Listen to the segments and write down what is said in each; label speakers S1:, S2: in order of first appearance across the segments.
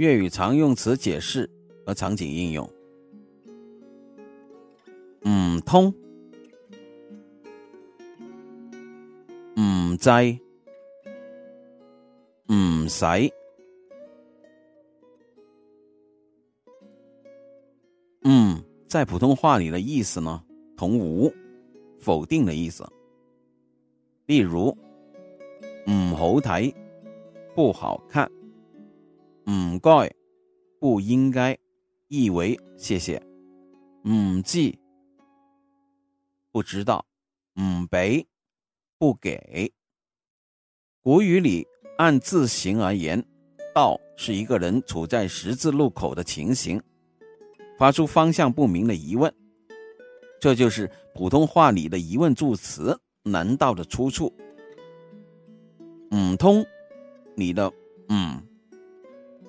S1: 粵語常用詞解釋和場景應用。唔通，唔制，唔使。嗯，在普通話裏的意思呢，同“無”否定的意思。例如，唔好睇，不好看。唔、嗯、該，不應該，意為謝謝。唔、嗯、知不知道。唔、嗯、俾，不給。古語裏按字形而言，道是一個人處在十字路口的情形，發出方向不明的疑問。這就是普通話裏的疑問助詞“難道”的出處。唔、嗯、通，你的嗯。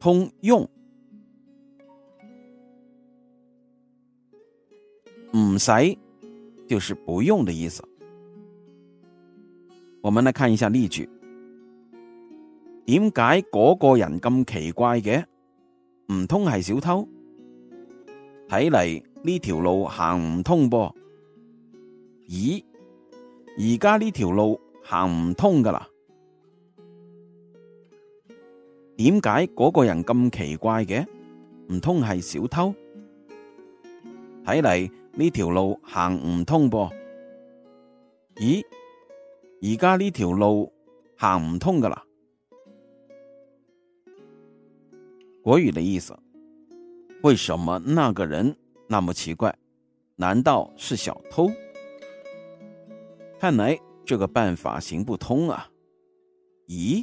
S1: 通用唔使，就是不用的意思。我們來看一下例句。點解嗰個人咁奇怪嘅？唔通係小偷？睇嚟呢條路行唔通噃。咦，而家呢條路行唔通噶啦？點解嗰個人咁奇怪嘅？唔通係小偷？睇嚟呢條路行唔通噃。咦，而家呢條路行唔通噶啦？國語的意思，為什麼那個人那麼奇怪？難道是小偷？看嚟，這個辦法行不通啊。咦？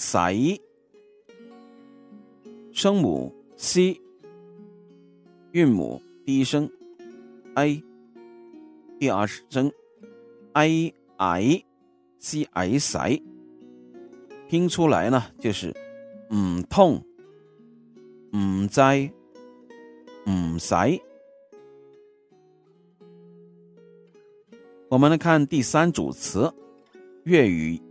S1: 使，聲母 c，韻母第一聲 a，第二聲 i i c i i，拼出來呢就是唔通，唔制唔使。我們來看第三組詞，粵語。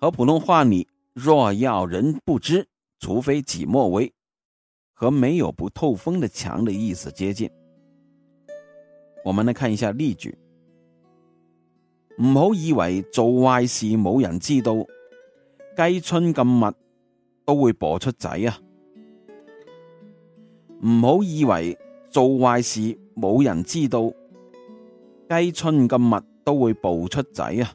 S1: 和普通話裏“若要人不知，除非己莫為”，和“沒有不透風的牆”的意思接近。我們來看一下例句：唔好以為做壞事冇人知道，雞春咁密都會哺出仔啊！唔好以為做壞事冇人知道，雞春咁密都會哺出仔啊！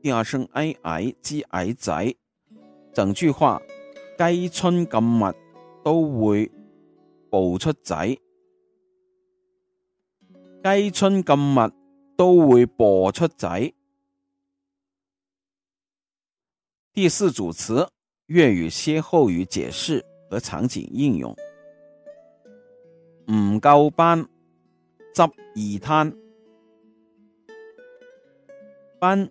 S1: 啲阿兄矮矮之矮仔，整句話雞春咁密都會哺出仔，雞春咁密都會哺出仔。第四組詞粵語歇後語解釋和場景應用，唔夠班執二攤班。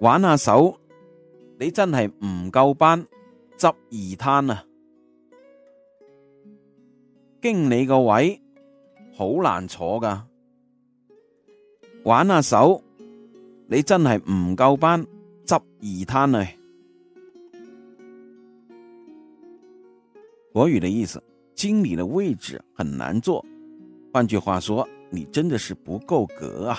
S1: 玩下手，你真係唔夠班執二攤啊！經理個位好難坐噶，玩下手，你真係唔夠班執二攤啊？國語的意思，經理的位置很難坐，換句話說，你真的是不夠格啊！